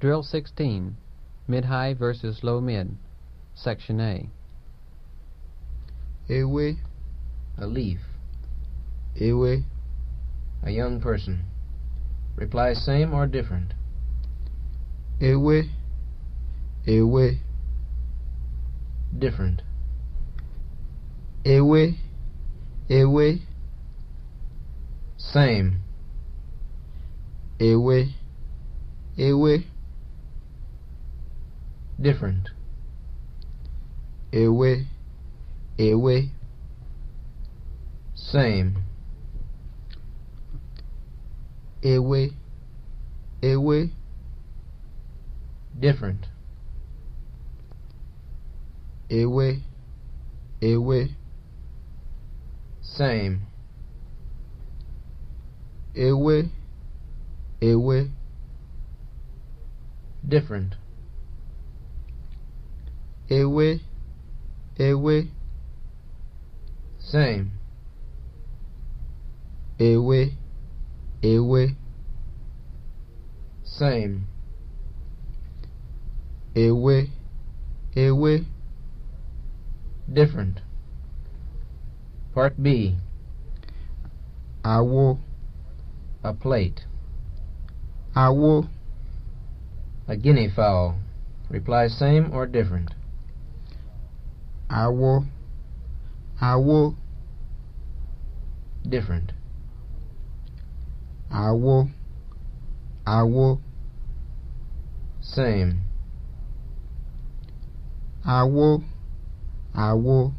Drill 16 Mid High versus Low Mid Section A Ewe A leaf Ewe A young person Reply same or different Ewe Ewe Different Ewe Ewe Same Ewe Ewe different. Ewe, ewe, same. Ewe, ewe, different. Ewe, ewe, same. Ewe, ewe, different ewé ewé same ewé ewé same ewé ewé different part B àwo a plate àwo a guinea fowl reply same or different Awo. Awo. Different. Awo. Awo. Same. Awo. Awo.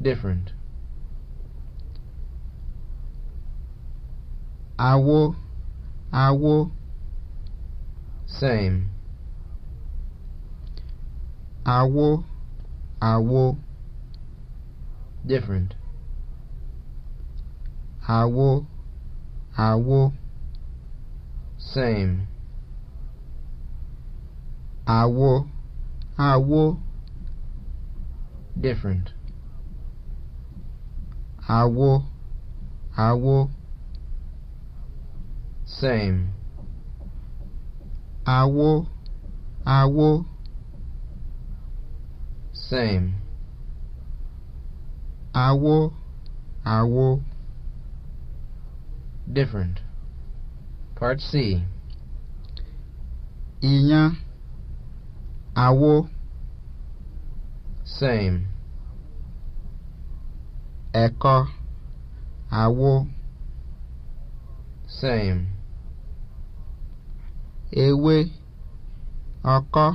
Different. Awo. Awo. Same. Awo àwo different àwo àwo same àwo àwo different àwo àwo same àwo àwo. Same. Àwọ̀ àwọ̀. Different. Part C. Ìyàn àwọ̀. Same. Ẹ̀kọ àwọ̀. Same. Ewé ọkọ́.